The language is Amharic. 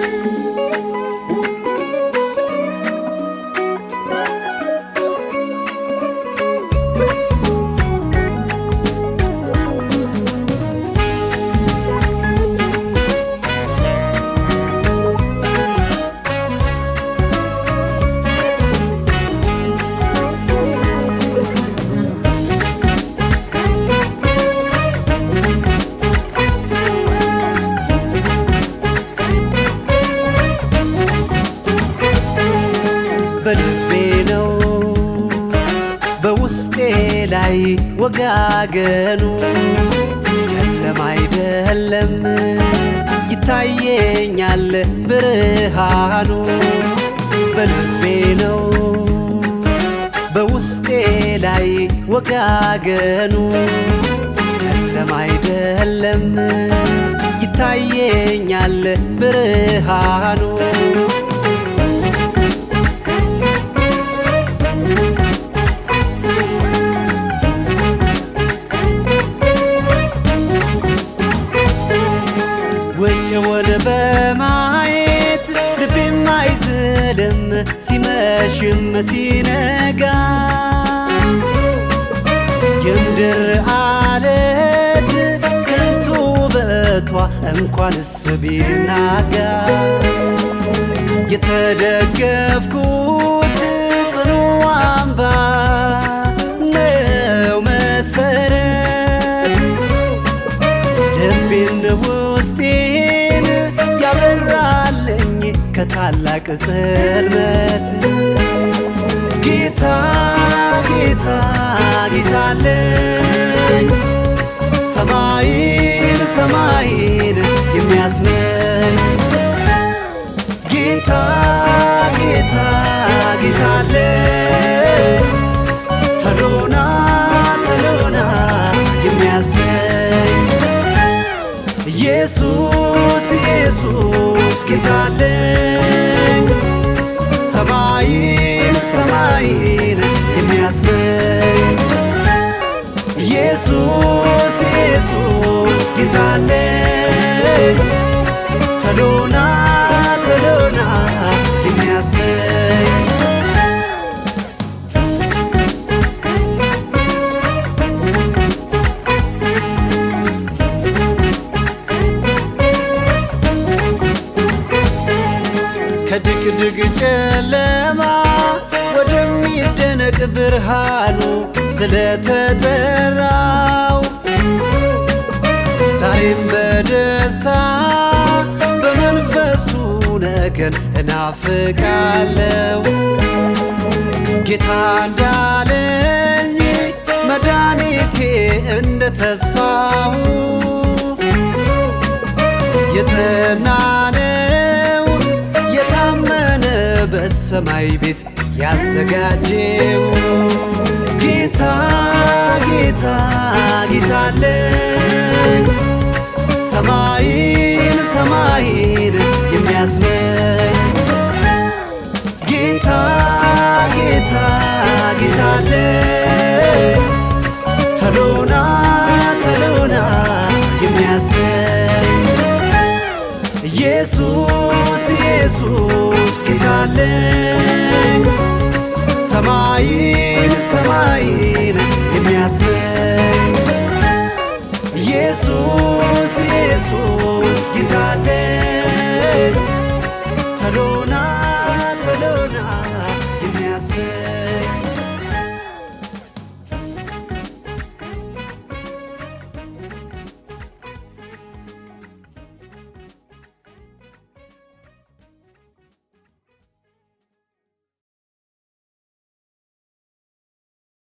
you. ላይ ወጋገኑ ጨለማ አይደለም ይታየኛል ብርሃኑ በልቤ ነው በውስጤ ላይ ወጋገኑ ጨለማ አይደለም ይታየኛል ብርሃኑ ሲመሽም ሲነጋ የምድር አለት ከንቱ ውበቷ እንኳንስ ቢናጋ የተደገፍኩት ጽኑ አምባ ነው መሰረት ልቤን ውስጤ ታላቅ ጽልመት ጌታ ጌታ ጌታለኝ ሰማይን ሰማይን የሚያስመኝ ጌታ ጌታ ጌታለኝ ተሎና ተሎና የሚያሰኝ ኢየሱስ ኢየሱስ ጌታለኝ ኢየሱስ ኢየሱስ ጌታለን ተዶና ደረቅ ብርሃኑ ስለተጠራው ዛሬም በደስታ በመንፈሱ ነገን እናፍቃለው ጌታ እንዳለኝ መድኃኒቴ እንደ ተስፋው የተናነው የታመነ በሰማይ ቤት ያዘጋጀው ጌታ ጌታ ጌታለን ሰማይን ሰማይን የሚያስመኝ ጌታ ጌታ ጌታለን ተዶና ሰማይን ሰማይን የሚያስመኝ ኢየሱስ ኢየሱስ